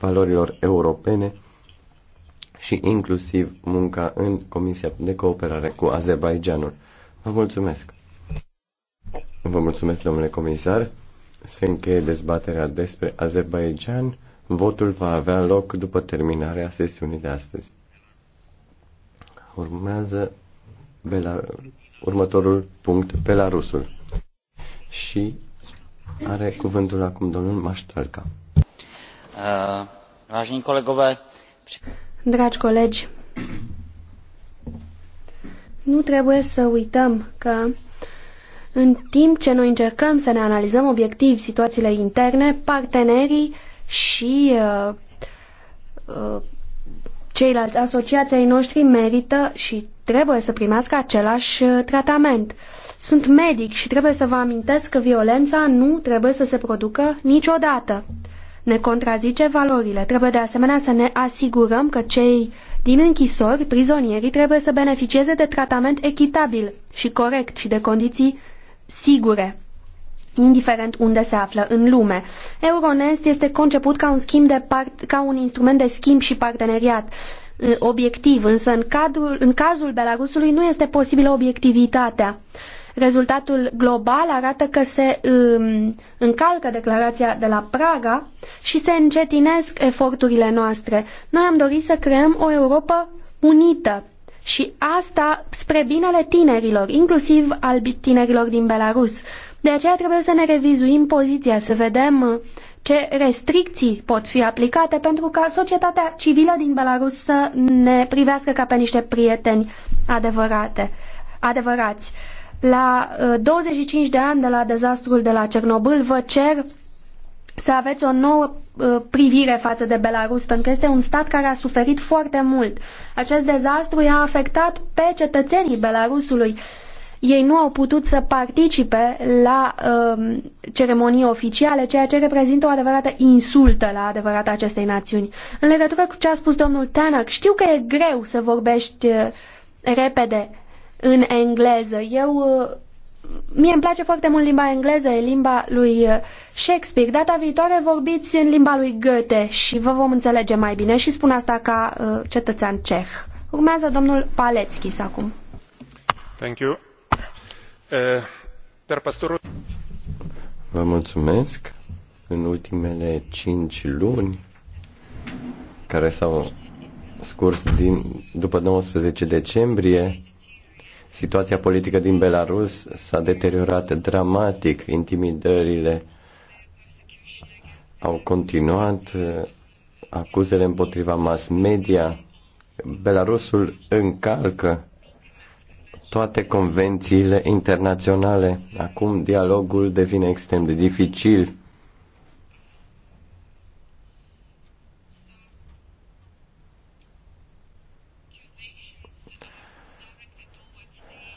valorilor europene și inclusiv munca în Comisia de Cooperare cu Azerbaijanul. Vă mulțumesc! Vă mulțumesc, domnule comisar. Se încheie dezbaterea despre Azerbaijan. Votul va avea loc după terminarea sesiunii de astăzi. Urmează Bela- următorul punct, Belarusul. Și are cuvântul acum domnul Maștalca. Eh, Dragi colegi, nu trebuie să uităm că în timp ce noi încercăm să ne analizăm obiectiv situațiile interne, partenerii și eh, eh, ceilalți asociații ai noștri merită și trebuie să primească același tratament. Sunt medic și trebuie să vă amintesc că violența nu trebuie să se producă niciodată ne contrazice valorile. Trebuie de asemenea să ne asigurăm că cei din închisori, prizonierii, trebuie să beneficieze de tratament echitabil și corect și de condiții sigure indiferent unde se află în lume. Euronest este conceput ca un, schimb de part, ca un instrument de schimb și parteneriat obiectiv, însă în, cadrul, în cazul Belarusului nu este posibilă obiectivitatea. Rezultatul global arată că se um, încalcă declarația de la Praga și se încetinesc eforturile noastre. Noi am dorit să creăm o Europa unită și asta spre binele tinerilor, inclusiv al tinerilor din Belarus. De aceea trebuie să ne revizuim poziția, să vedem ce restricții pot fi aplicate pentru ca societatea civilă din Belarus să ne privească ca pe niște prieteni adevărate, adevărați. La 25 uh, de ani de la dezastrul de la Cernobâl, vă cer să aveți o nouă uh, privire față de Belarus, pentru că este un stat care a suferit foarte mult. Acest dezastru i-a afectat pe cetățenii Belarusului. Ei nu au putut să participe la um, ceremonii oficiale, ceea ce reprezintă o adevărată insultă la adevărata acestei națiuni. În legătură cu ce a spus domnul Tanak, știu că e greu să vorbești repede în engleză. Eu uh, Mie îmi place foarte mult limba engleză, e limba lui uh, Shakespeare. Data viitoare vorbiți în limba lui Goethe și vă vom înțelege mai bine și spun asta ca uh, cetățean ceh. Urmează domnul Paleckis acum. Thank you. Uh, pastorul... Vă mulțumesc. În ultimele cinci luni care s-au scurs din, după 19 decembrie, Situația politică din Belarus s-a deteriorat dramatic, intimidările au continuat, acuzele împotriva mass media. Belarusul încalcă toate convențiile internaționale. Acum dialogul devine extrem de dificil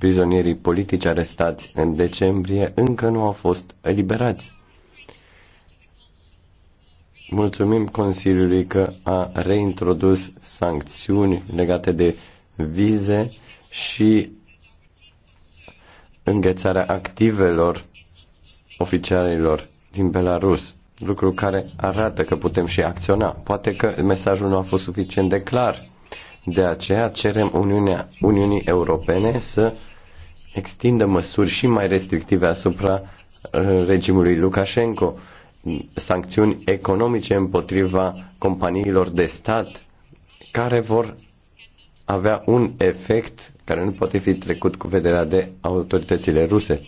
Prizonierii politici arestați în decembrie încă nu au fost eliberați. Mulțumim Consiliului că a reintrodus sancțiuni legate de vize și înghețarea activelor oficialilor din Belarus, lucru care arată că putem și acționa. Poate că mesajul nu a fost suficient de clar. De aceea cerem Uniunea, Uniunii Europene să extindă măsuri și mai restrictive asupra uh, regimului Lukashenko, sancțiuni economice împotriva companiilor de stat care vor avea un efect care nu poate fi trecut cu vederea de autoritățile ruse.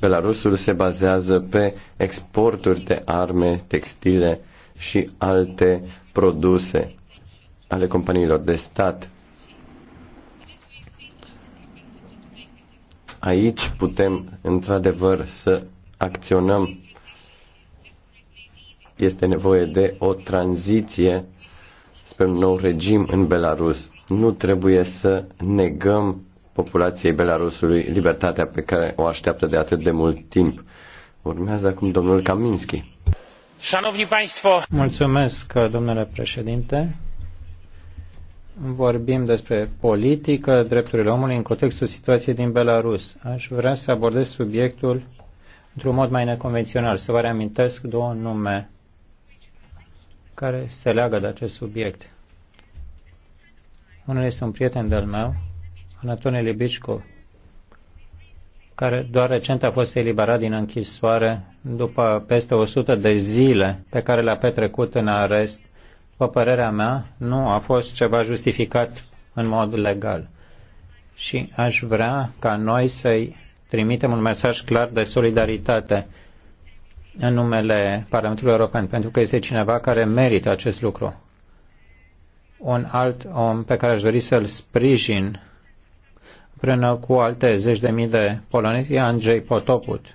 Belarusul se bazează pe exporturi de arme, textile și alte produse ale companiilor de stat. Aici putem, într-adevăr, să acționăm. Este nevoie de o tranziție spre un nou regim în Belarus. Nu trebuie să negăm populației Belarusului libertatea pe care o așteaptă de atât de mult timp. Urmează acum domnul Kaminski. Șanovni Państwo! Mulțumesc, domnule președinte. Vorbim despre politică, drepturile omului în contextul situației din Belarus. Aș vrea să abordez subiectul într-un mod mai neconvențional, să vă reamintesc două nume care se leagă de acest subiect. Unul este un prieten de-al meu, Anatone Libiccu, care doar recent a fost eliberat din închisoare după peste 100 de zile pe care le-a petrecut în arest, după părerea mea, nu a fost ceva justificat în mod legal. Și aș vrea ca noi să-i trimitem un mesaj clar de solidaritate în numele Parlamentului European, pentru că este cineva care merită acest lucru. Un alt om pe care aș dori să-l sprijin împreună cu alte zeci de mii de polonezi, Andrei Potoput,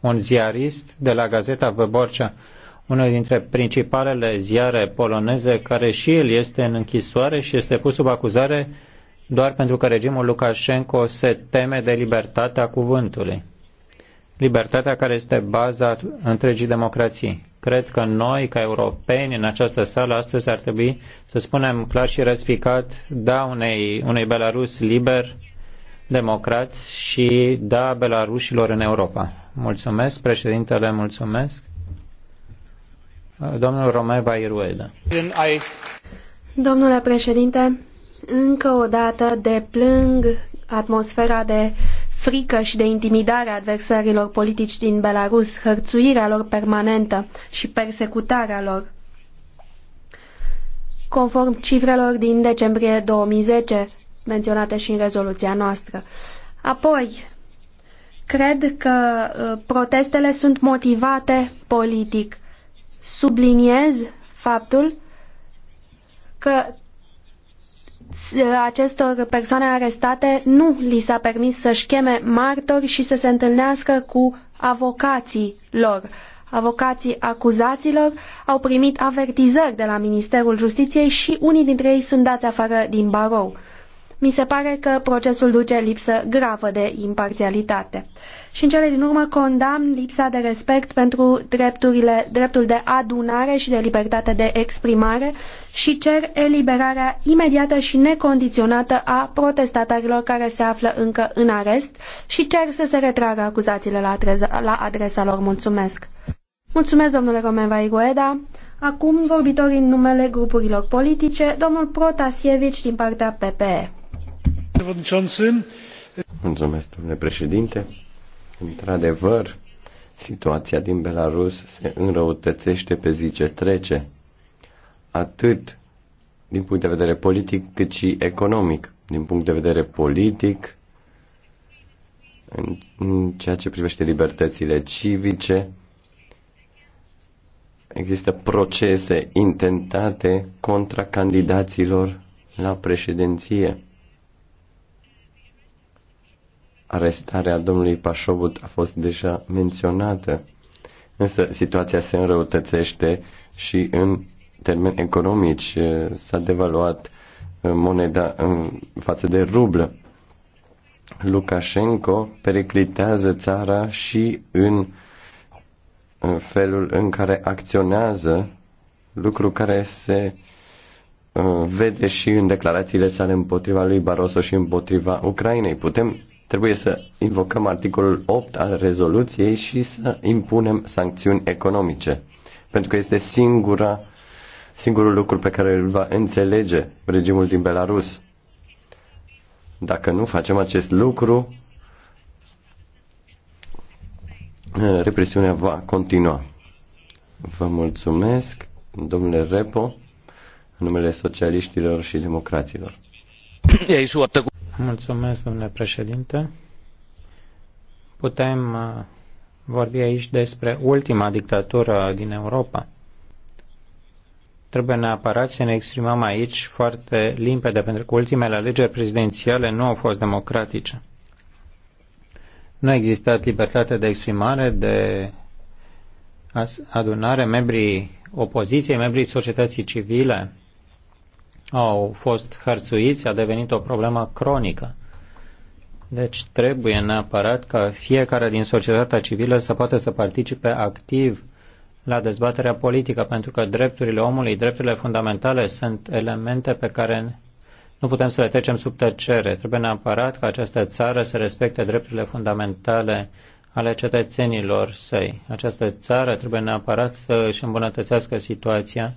un ziarist de la Gazeta Văborcea, unul dintre principalele ziare poloneze, care și el este în închisoare și este pus sub acuzare doar pentru că regimul Lukashenko se teme de libertatea cuvântului. Libertatea care este baza întregii democrații. Cred că noi, ca europeni, în această sală astăzi ar trebui să spunem clar și răspicat da unei, unei Belarus liber, democrați și da belarușilor în Europa. Mulțumesc, președintele, mulțumesc. Domnul Romer Bairueda. Domnule președinte, încă o dată plâng atmosfera de frică și de intimidare a adversarilor politici din Belarus, hărțuirea lor permanentă și persecutarea lor. Conform cifrelor din decembrie 2010, menționate și în rezoluția noastră. Apoi, cred că uh, protestele sunt motivate politic. Subliniez faptul că uh, acestor persoane arestate nu li s-a permis să-și cheme martori și să se întâlnească cu avocații lor. Avocații acuzaților au primit avertizări de la Ministerul Justiției și unii dintre ei sunt dați afară din barou. Mi se pare că procesul duce lipsă gravă de imparțialitate. Și în cele din urmă condamn lipsa de respect pentru drepturile, dreptul de adunare și de libertate de exprimare și cer eliberarea imediată și necondiționată a protestatarilor care se află încă în arest și cer să se retragă acuzațiile la, adresa, la adresa lor. Mulțumesc! Mulțumesc, domnule Romen Vaigoeda. Acum, vorbitorii în numele grupurilor politice, domnul Protasievici din partea PPE domnule președinte. Într-adevăr, situația din Belarus se înrăutățește pe zi ce trece, atât din punct de vedere politic cât și economic. Din punct de vedere politic, în, în ceea ce privește libertățile civice, există procese intentate contra candidaților la președinție arestarea domnului Pașovut a fost deja menționată. Însă situația se înrăutățește și în termeni economici eh, s-a devaluat eh, moneda în față de rublă. Lukashenko periclitează țara și în eh, felul în care acționează, lucru care se vede și în declarațiile sale împotriva lui Barroso și împotriva Ucrainei. Putem Trebuie să invocăm articolul 8 al rezoluției și să impunem sancțiuni economice, pentru că este singura, singurul lucru pe care îl va înțelege regimul din Belarus. Dacă nu facem acest lucru, eh, represiunea va continua. Vă mulțumesc, domnule Repo, în numele socialiștilor și democraților. Ei, Mulțumesc, domnule președinte. Putem uh, vorbi aici despre ultima dictatură din Europa. Trebuie neapărat să ne exprimăm aici foarte limpede, pentru că ultimele alegeri prezidențiale nu au fost democratice. Nu a existat libertate de exprimare, de adunare, membrii opoziției, membrii societății civile, au fost hărțuiți, a devenit o problemă cronică. Deci trebuie neapărat ca fiecare din societatea civilă să poată să participe activ la dezbaterea politică, pentru că drepturile omului, drepturile fundamentale sunt elemente pe care nu putem să le trecem sub tăcere. Trebuie neapărat ca această țară să respecte drepturile fundamentale ale cetățenilor săi. Această țară trebuie neapărat să își îmbunătățească situația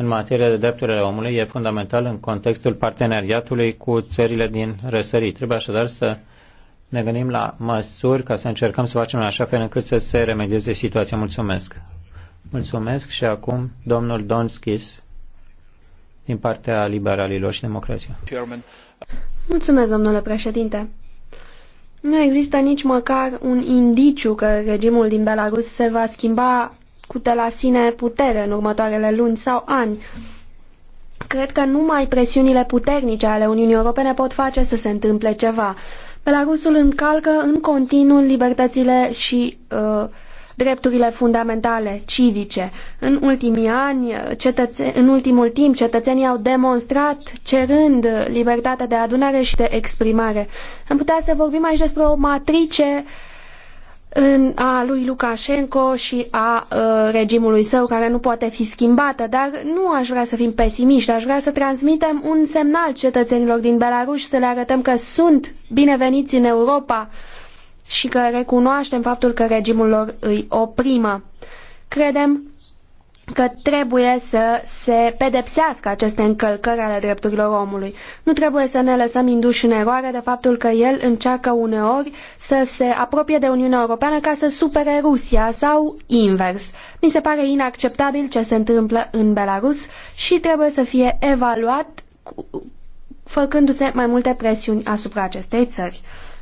în materie de drepturile omului e fundamental în contextul parteneriatului cu țările din răsărit. Trebuie așadar să ne gândim la măsuri ca să încercăm să facem în așa fel încât să se remedieze situația. Mulțumesc! Mulțumesc și acum domnul Donskis din partea liberalilor și democrația. Mulțumesc, domnule președinte! Nu există nici măcar un indiciu că regimul din Belarus se va schimba de la sine putere în următoarele luni sau ani. Cred că numai presiunile puternice ale Uniunii Europene pot face să se întâmple ceva. Belarusul încalcă în continuu libertățile și uh, drepturile fundamentale civice. În ultimii ani, cetățe... în ultimul timp, cetățenii au demonstrat cerând libertatea de adunare și de exprimare. Am putea să vorbim aici despre o matrice uh, în, a lui Lukashenko și a uh, regimului său care nu poate fi schimbată, dar nu aș vrea să fim pesimiști, aș vrea să transmitem un semnal cetățenilor din Belarus, să le arătăm că sunt bineveniți în Europa și că recunoaștem faptul că regimul lor îi oprimă. Credem că trebuie să se pedepsească aceste încălcări ale drepturilor omului. Nu trebuie să ne lăsăm induși în eroare de faptul că el încearcă uneori să se apropie de Uniunea Europeană ca să supere Rusia sau invers. Mi se pare inacceptabil ce se întâmplă în Belarus și trebuie să fie evaluat făcându-se mai multe presiuni asupra acestei țări.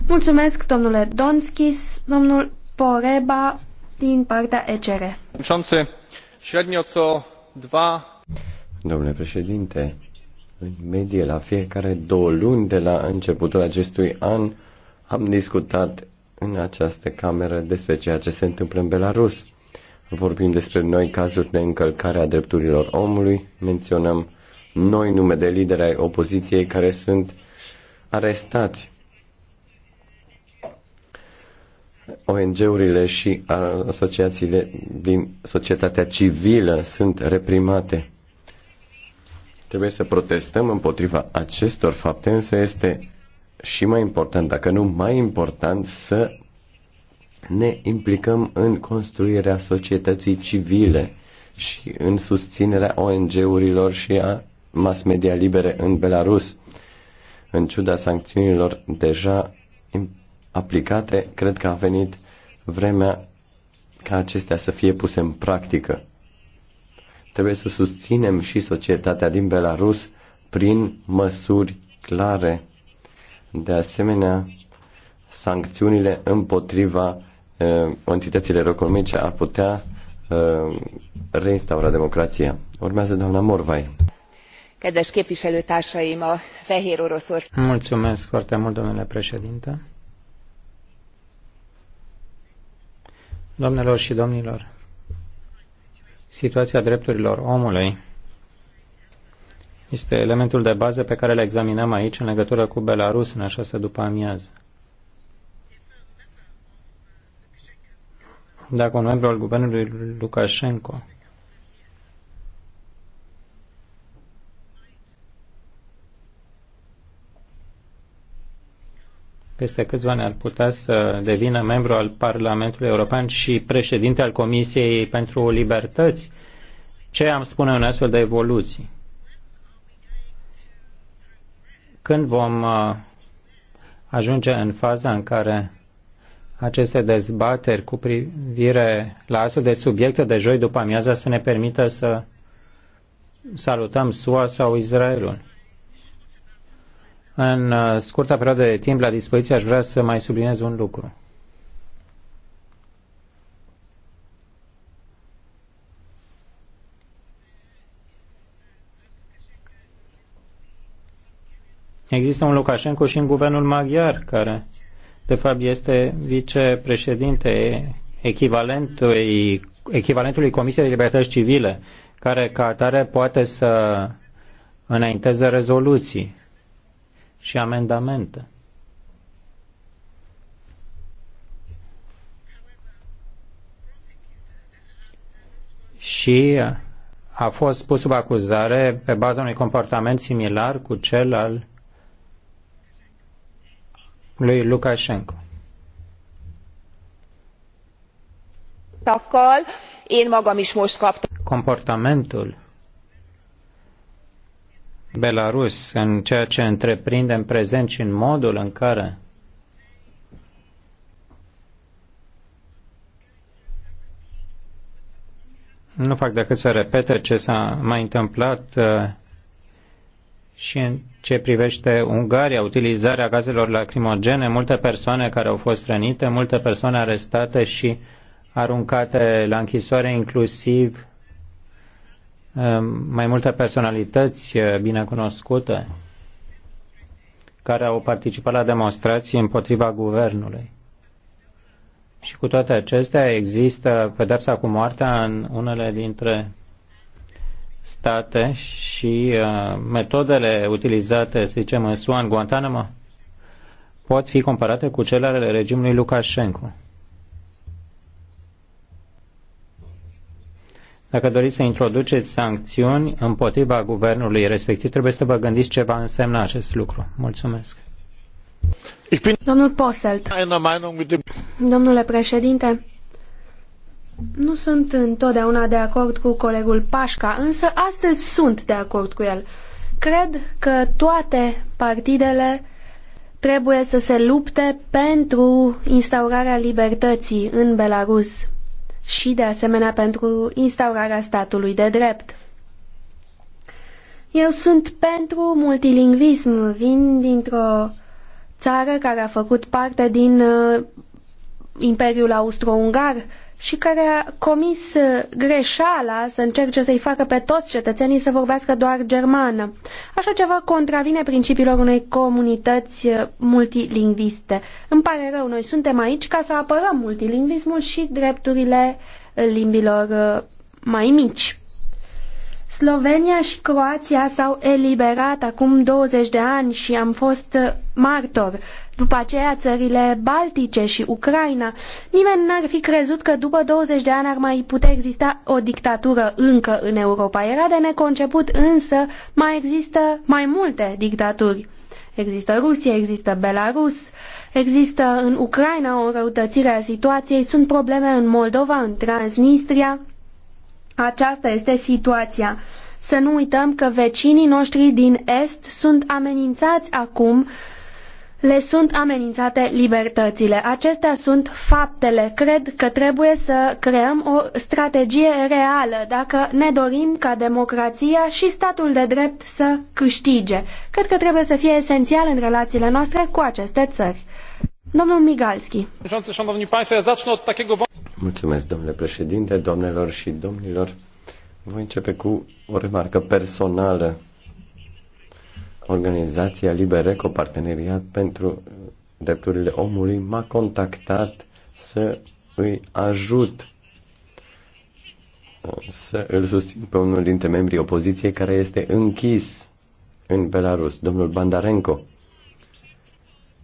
Mulțumesc, domnule Donskis, domnul Poreba din partea ECR. Șanse Średnio co dwa... Domnule președinte, în medie la fiecare două luni de la începutul acestui an am discutat în această cameră despre ceea ce se întâmplă în Belarus. Vorbim despre noi cazuri de încălcare a drepturilor omului, menționăm noi nume de lideri ai opoziției care sunt arestați. ONG-urile și asociațiile din societatea civilă sunt reprimate. Trebuie să protestăm împotriva acestor fapte, însă este și mai important, dacă nu mai important, să ne implicăm în construirea societății civile și în susținerea ONG-urilor și a mass media libere în Belarus. În ciuda sancțiunilor deja aplicate, cred că a venit vremea ca acestea să fie puse în practică. Trebuie să susținem și societatea din Belarus prin măsuri clare. De asemenea, sancțiunile împotriva uh, entităților economice ar putea uh, reinstaura democrația. Urmează doamna Morvai. Kedves képviselőtársaim, a Fehér Oroszország. Mulțumesc foarte mult, domnule președinte. Domnilor și domnilor, situația drepturilor omului este elementul de bază pe care le examinăm aici în legătură cu Belarus în această după amiază. Dacă un membru al guvernului Lukashenko peste câțiva ani ar putea să devină membru al Parlamentului European și președinte al Comisiei pentru Libertăți. Ce am spune în astfel de evoluții? Când vom uh, ajunge în faza în care aceste dezbateri cu privire la astfel de subiecte de joi după amiaza să ne permită să salutăm SUA sau Israelul? În uh, scurta perioadă de timp la dispoziție aș vrea să mai subliniez un lucru. Există un Lukashenko și în guvernul maghiar, care de fapt este vicepreședinte echivalentului, echivalentului Comisiei de Libertăți Civile, care ca atare poate să înainteze rezoluții și amendamente. Și a fost pus sub acuzare pe baza unui comportament similar cu cel al lui Lukashenko. Comportamentul Belarus în ceea ce întreprindem, prezent și în modul în care nu fac decât să repete ce s-a mai întâmplat uh, și în ce privește Ungaria, utilizarea gazelor lacrimogene, multe persoane care au fost rănite, multe persoane arestate și aruncate la închisoare, inclusiv Ehm, mai multe personalități eh, binecunoscute care au participat la demonstrații împotriva guvernului. Și cu toate acestea există pedepsa cu moartea în unele dintre state și uh, metodele utilizate, să zicem, în Suan Guantanamo, pot fi comparate cu cele ale regimului Lukashenko. Dacă doriți să introduceți sancțiuni împotriva guvernului respectiv, trebuie să vă gândiți ce va însemna acest lucru. Mulțumesc. Domnul Poselt. Domnule președinte, nu sunt întotdeauna de acord cu colegul Pașca, însă astăzi sunt de acord cu el. Cred că toate partidele trebuie să se lupte pentru instaurarea libertății în Belarus și, de asemenea, pentru instaurarea statului de drept. Eu sunt pentru multilingvism. Vin dintr-o țară care a făcut parte din uh, Imperiul Austro-Ungar și care a comis uh, greșeala să încerce să-i facă pe toți cetățenii să vorbească doar germană. Așa ceva contravine principiilor unei comunități uh, multilingviste. Îmi pare rău, noi suntem aici ca să apărăm multilingvismul și drepturile uh, limbilor mai mici. Slovenia și Croația s-au eliberat acum 20 de ani și am fost martor după aceea țările Baltice și Ucraina. Nimeni n-ar fi crezut că după 20 de ani ar mai putea exista o dictatură încă în Europa. Era de neconceput, însă mai există mai multe dictaturi. Există Rusia, există Belarus, există în Ucraina o răutățire a situației, sunt probleme în Moldova, în Transnistria. Aceasta este situația. Să nu uităm că vecinii noștri din Est sunt amenințați acum uh, le sunt amenințate libertățile. Acestea sunt faptele. Cred că trebuie să creăm o strategie reală dacă ne dorim ca democrația și statul de drept să câștige. Cred că trebuie să fie esențial în relațiile noastre cu aceste țări. Domnul Migalski. Mulțumesc, domnule președinte, domnilor și domnilor. Voi începe cu o remarcă personală organizația Libereco, Parteneriat pentru Drepturile Omului, m-a contactat să îi ajut să îl susțin pe unul dintre membrii opoziției care este închis în Belarus, domnul Bandarenko.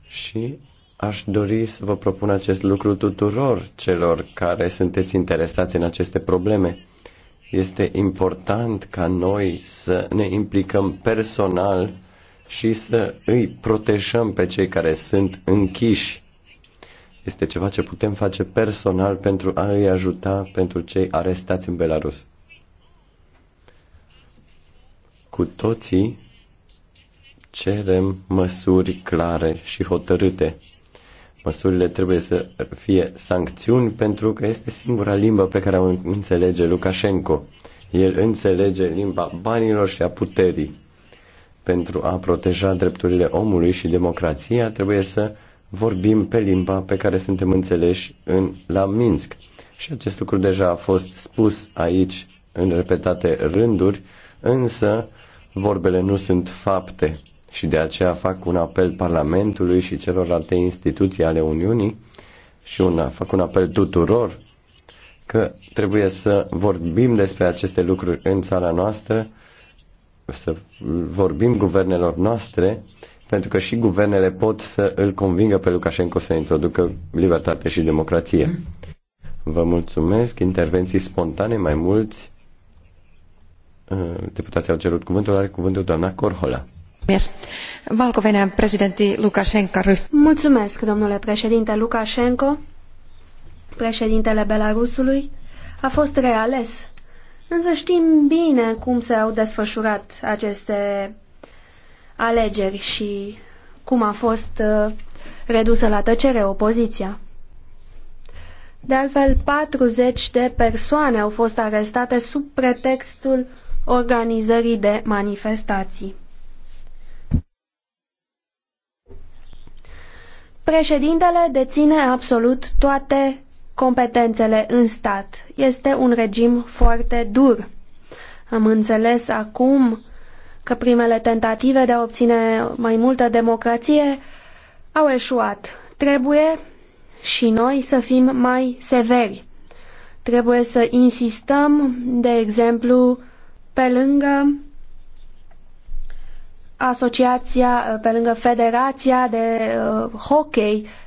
Și aș dori să vă propun acest lucru tuturor celor care sunteți interesați în aceste probleme. Este important ca noi să ne implicăm personal și să îi protejăm pe cei care sunt închiși. Este ceva ce putem face personal pentru a îi ajuta pentru cei arestați în Belarus. Cu toții cerem măsuri clare și hotărâte. Măsurile trebuie să fie sancțiuni pentru că este singura limbă pe care o înțelege Lukashenko. El înțelege limba banilor și a puterii pentru a proteja drepturile omului și democrația, trebuie să vorbim pe limba pe care suntem înțeleși în, la Minsk. Și acest lucru deja a fost spus aici în repetate rânduri, însă vorbele nu sunt fapte și de aceea fac un apel Parlamentului și celorlalte instituții ale Uniunii și una, fac un apel tuturor că trebuie să vorbim despre aceste lucruri în țara noastră să vorbim guvernelor noastre, pentru că și guvernele pot să îl convingă pe Lukashenko să introducă libertate și democrație. Vă mulțumesc. Intervenții spontane, mai mulți uh, deputații au cerut cuvântul, are cuvântul doamna Corhola. Valcovenea, președinti Lukashenko. Mulțumesc, domnule președinte Lukashenko, președintele Belarusului, a fost reales Însă știm bine cum s-au desfășurat aceste alegeri și cum a fost uh, redusă la tăcere opoziția. De altfel, 40 de persoane au fost arestate sub pretextul organizării de manifestații. Președintele deține absolut toate competențele în stat. Este un regim foarte dur. Am înțeles acum că primele tentative de a obține mai multă democrație au eșuat. Trebuie și noi să fim mai severi. Trebuie să insistăm, de exemplu, pe lângă asociația, pe lângă federația de uh, hockey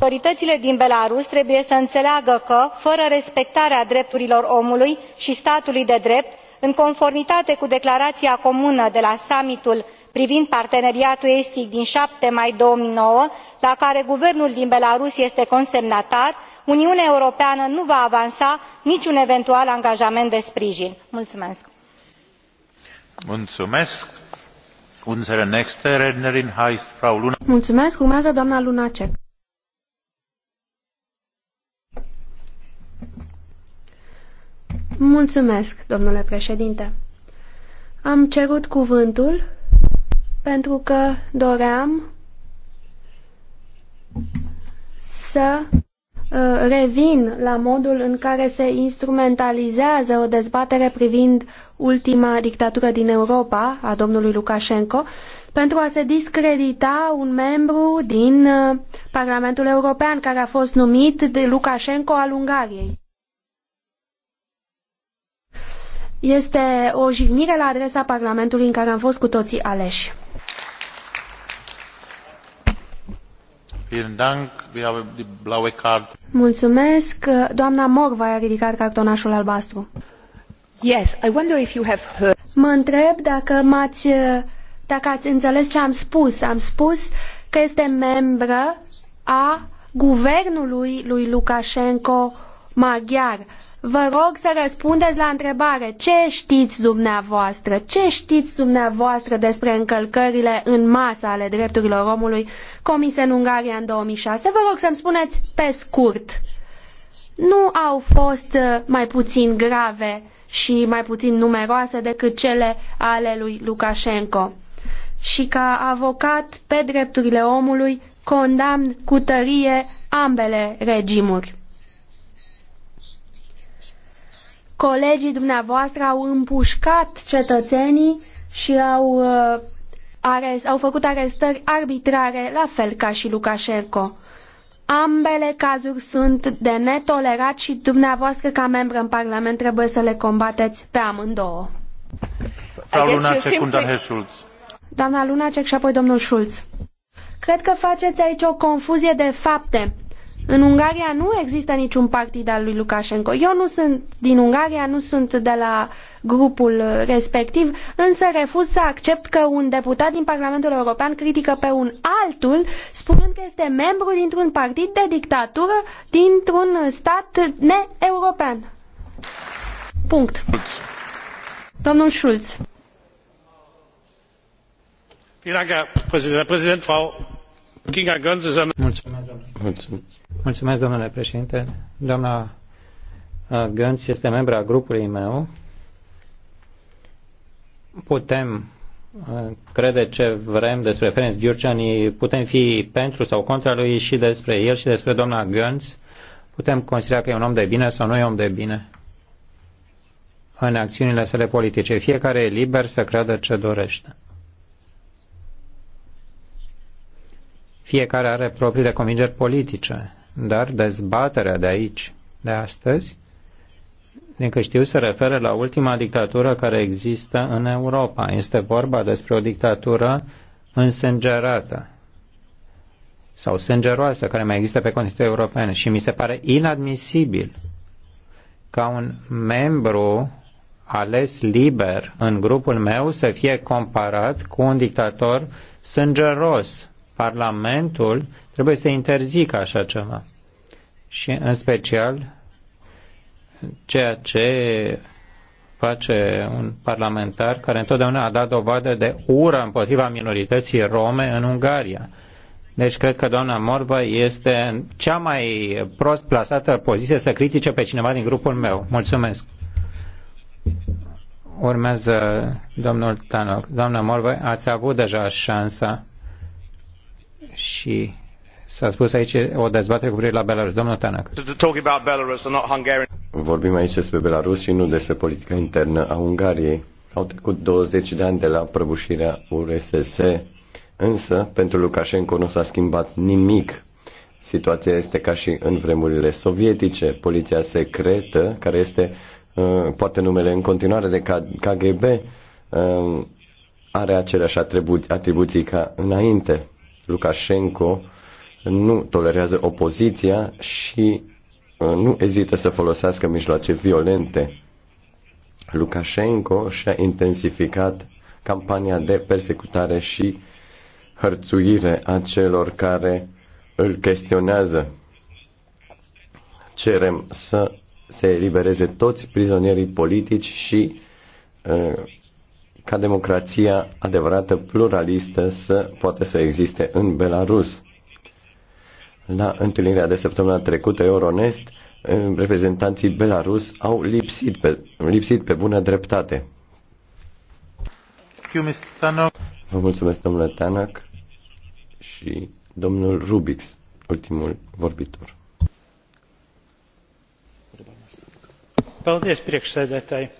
autoritățile din belarus trebuie să înțeleagă că fără respectarea drepturilor omului și statului de drept în conformitate cu declarația comună de la summitul privind parteneriatul estic din șapte mai două mii nouă la care guvernul din belarus este consemnatar uniunea europeană nu va avansa niciun eventual angajament de sprijin. mulțumesc. mulțumesc. Lunacek. Mulțumesc, domnule președinte. Am cerut cuvântul pentru că doream să uh, revin la modul în care se instrumentalizează o dezbatere privind ultima dictatură din Europa, a domnului Lukashenko, pentru a se discredita un membru din uh, Parlamentul European care a fost numit de Lukashenko al Ungariei. Este o jignire la adresa Parlamentului în care am fost cu toții aleși. Mulțumesc. Doamna Morva a ridicat cartonașul albastru. Yes, I wonder if you have heard... Mă întreb dacă m-ați dacă ați înțeles ce am spus. Am spus că este membră a guvernului lui Lukashenko maghiar Vă rog să răspundeți la întrebare. Ce știți dumneavoastră? Ce știți dumneavoastră despre încălcările în masă ale drepturilor omului comise în Ungaria în 2006? Vă rog să-mi spuneți pe scurt. Nu au fost uh, mai puțin grave și mai puțin numeroase decât cele ale lui Lukashenko. Și ca avocat pe drepturile omului condamn cu tărie ambele regimuri. colegii dumneavoastră au împușcat cetățenii și au, uh, arest, au făcut arestări arbitrare, la fel ca și Lukashenko. Ambele cazuri sunt de netolerat și dumneavoastră ca membru în Parlament trebuie să le combateți pe amândouă. Doamna cec și apoi domnul Schulz. Cred că faceți aici o confuzie de fapte. În Ungaria nu există niciun partid al lui Lukashenko. Eu nu sunt din Ungaria, nu sunt de la grupul respectiv, însă refuz să accept că un deputat din Parlamentul European critică pe un altul, spunând că este membru dintr-un partid de dictatură dintr-un stat ne-european. Punct. Domnul Schulz. Vielen Dank, Herr Präsident, Herr Präsident, Frau Mulțumesc, domnule. președinte. Doamna uh, Gânț este membra grupului meu. Putem uh, crede ce vrem despre Ferenc Gyurcsany, putem fi pentru sau contra lui și despre el și despre doamna Gânț. Putem considera că e un om de bine sau nu e om de bine în acțiunile sale politice. Fiecare e liber să creadă ce dorește. Fiecare are propriile convingeri politice, dar dezbaterea de aici, de astăzi, din că știu, se referă la ultima dictatură care există în Europa. Este vorba despre o dictatură însângerată sau sângeroasă care mai există pe continentul european și mi se pare inadmisibil ca un membru ales liber în grupul meu să fie comparat cu un dictator sângeros Parlamentul trebuie să interzică așa ceva. Și în special ceea ce face un parlamentar care întotdeauna a dat dovadă de ură împotriva minorității rome în Ungaria. Deci cred că doamna Morva este în cea mai prost plasată poziție să critique pe cineva din grupul meu. Mulțumesc. Urmează domnul Tanoc. Doamna Morva, ați avut deja șansa și s-a spus aici o dezbatere cu privire la Belarus. Domnul Tanak. Vorbim aici despre Belarus și nu despre politica internă a Ungariei. Au trecut 20 de ani de la prăbușirea URSS, însă pentru Lukashenko nu s-a schimbat nimic. Situația este ca și în vremurile sovietice. Poliția secretă, care este, uh, poate numele în continuare de KGB, uh, are aceleași atribuții ca înainte Lukashenko nu tolerează opoziția și uh, nu ezită să folosească mijloace violente. Lukashenko și-a intensificat campania de persecutare și hărțuire a celor care îl chestionează. Cerem să se elibereze toți prizonierii politici și uh, ca democrația adevărată pluralistă să poată să existe în Belarus. La întâlnirea de săptămâna trecută Euronest, eh, reprezentanții Belarus au lipsit pe, lipsit pe bună dreptate. Vă mulțumesc, domnule Tanak și domnul Rubix, ultimul vorbitor. Mulțumesc, președinte.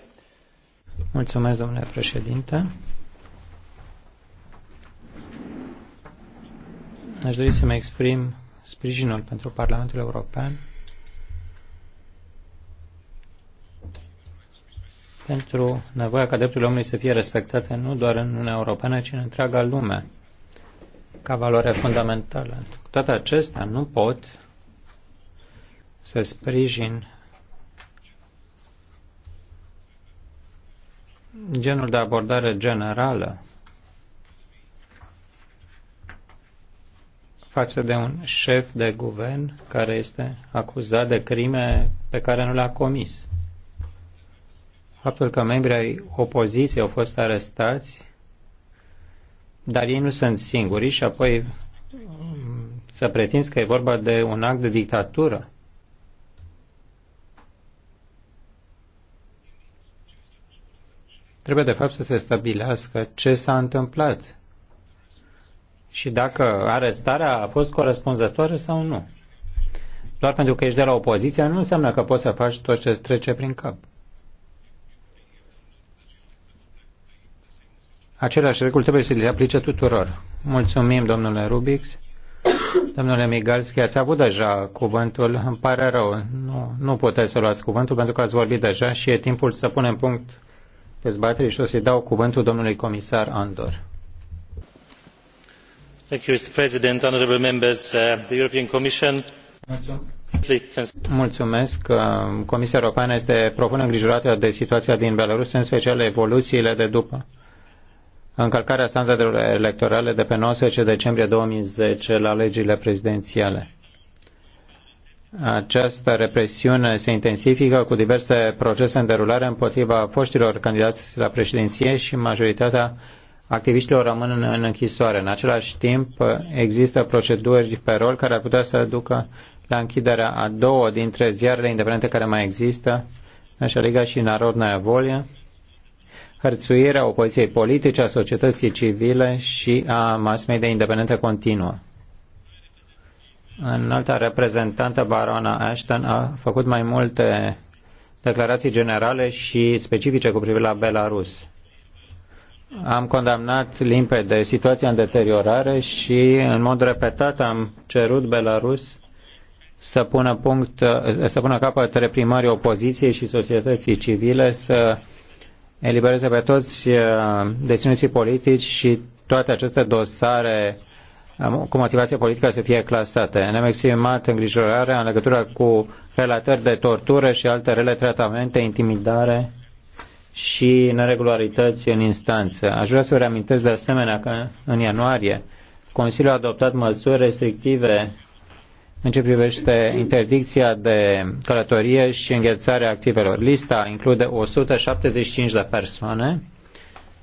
Mulțumesc, domnule președinte. Aș dori să-mi exprim sprijinul pentru Parlamentul European pentru nevoia ca drepturile omului să fie respectate nu doar în Uniunea Europeană, ci în întreaga lume, ca valoare fundamentală. Cu toate acestea, nu pot să sprijin genul de abordare generală față de un șef de guvern care este acuzat de crime pe care nu le-a comis. Faptul că membrii ai opoziției au fost arestați, dar ei nu sunt singuri și apoi mm, să pretinzi că e vorba de un act de dictatură Trebuie, de fapt, să se stabilească ce s-a întâmplat și dacă arestarea a fost corespunzătoare sau nu. Doar pentru că ești de la opoziție nu înseamnă că poți să faci tot ce îți trece prin cap. Aceleași reguli trebuie să le aplice tuturor. Mulțumim, domnule Rubix. Domnule Migalski, ați avut deja cuvântul. Îmi pare rău, nu, nu puteți să luați cuvântul pentru că ați vorbit deja și e timpul să punem punct dezbaterii și o să-i dau cuvântul domnului comisar Andor. Mr. President, honorable members, uh, the European Commission. Mulțumesc. Mulțumesc. Uh, Comisia Europeană este profund îngrijorată de situația din Belarus, în special evoluțiile de după încălcarea standardelor electorale de pe 19 decembrie 2010 la legile prezidențiale. Această represiune se intensifică cu diverse procese în derulare împotriva foștilor candidați la președinție și majoritatea activiștilor rămân în închisoare. În același timp, există proceduri pe rol care ar putea să ducă la închiderea a două dintre ziarele independente care mai există, Nașa Liga și Narodnaya Volia, hărțuirea opoziției politice, a societății civile și a mass media independente continuă înalta reprezentantă Barona Ashton a făcut mai multe declarații generale și specifice cu privire la Belarus. Am condamnat limpede situația în deteriorare și în mod repetat am cerut Belarus să pună, punct, să pună capăt reprimării opoziției și societății civile, să elibereze pe toți uh, deținuții politici și toate aceste dosare cu motivație politică să fie clasate. Ne-am exprimat îngrijorarea în legătură cu relatări de tortură și alte rele tratamente, intimidare și neregularități în instanță. Aș vrea să vă reamintesc de asemenea că în ianuarie Consiliul a adoptat măsuri restrictive în ce privește interdicția de călătorie și înghețarea activelor. Lista include 175 de persoane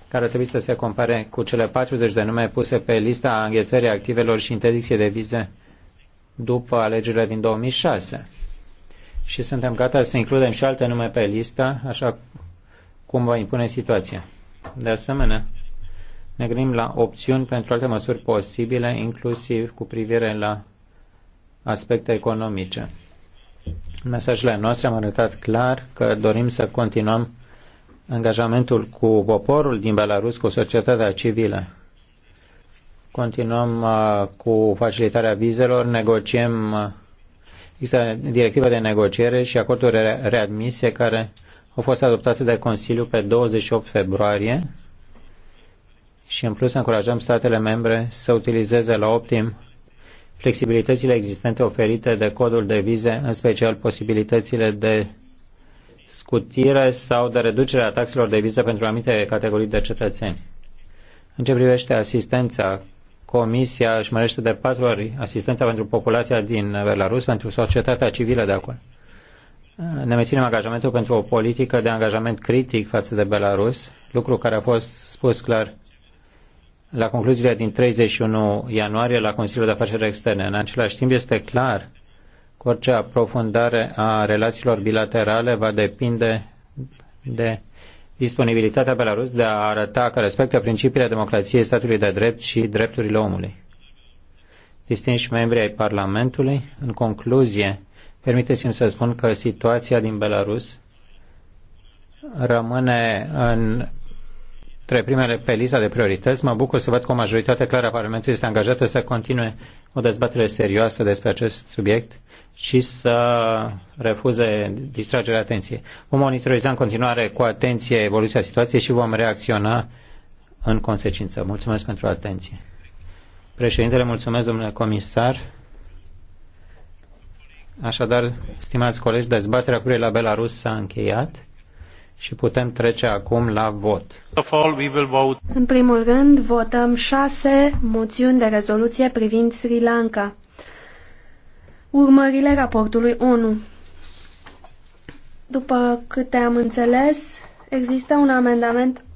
care trebuie să se compare cu cele 40 de nume puse pe lista înghețării activelor și interdicție de vize după alegerile din 2006. Și suntem gata să includem și alte nume pe listă, așa cum va impune situația. De asemenea, ne gândim la opțiuni pentru alte măsuri posibile, inclusiv cu privire la aspecte economice. În mesajele noastre am arătat clar că dorim să continuăm angajamentul cu poporul din Belarus, cu societatea civilă. Continuăm uh, cu facilitarea vizelor, negociem, uh, există directiva de negociere și acorduri readmise care au fost adoptate de Consiliu pe 28 februarie și în plus încurajăm statele membre să utilizeze la optim flexibilitățile existente oferite de codul de vize, în special posibilitățile de scutire sau de reducere a taxelor de viză pentru anumite categorii de cetățeni. În ce privește asistența, Comisia își mărește de patru ori asistența pentru populația din Belarus, pentru societatea civilă de acolo. Ne menținem angajamentul pentru o politică de angajament critic față de Belarus, lucru care a fost spus clar la concluziile din 31 ianuarie la Consiliul de Afaceri Externe. În același timp este clar Orice aprofundare a relațiilor bilaterale va depinde de disponibilitatea Belarus de a arăta că respectă principiile democrației, statului de drept și drepturile omului. Distinși membri ai Parlamentului, în concluzie, permiteți-mi să spun că situația din Belarus rămâne în între primele pe lista de priorități. Mă bucur să văd că o majoritate clară a Parlamentului este angajată să continue o dezbatere serioasă despre acest subiect și să refuze distragerea atenției. Vom monitoriza în continuare cu atenție evoluția situației și vom reacționa în consecință. Mulțumesc pentru atenție. Președintele, mulțumesc, domnule comisar. Așadar, stimați colegi, dezbaterea cu la Belarus s-a încheiat și putem trece acum la vot. În primul rând, votăm șase moțiuni de rezoluție privind Sri Lanka. Urmările raportului ONU. După câte am înțeles, există un amendament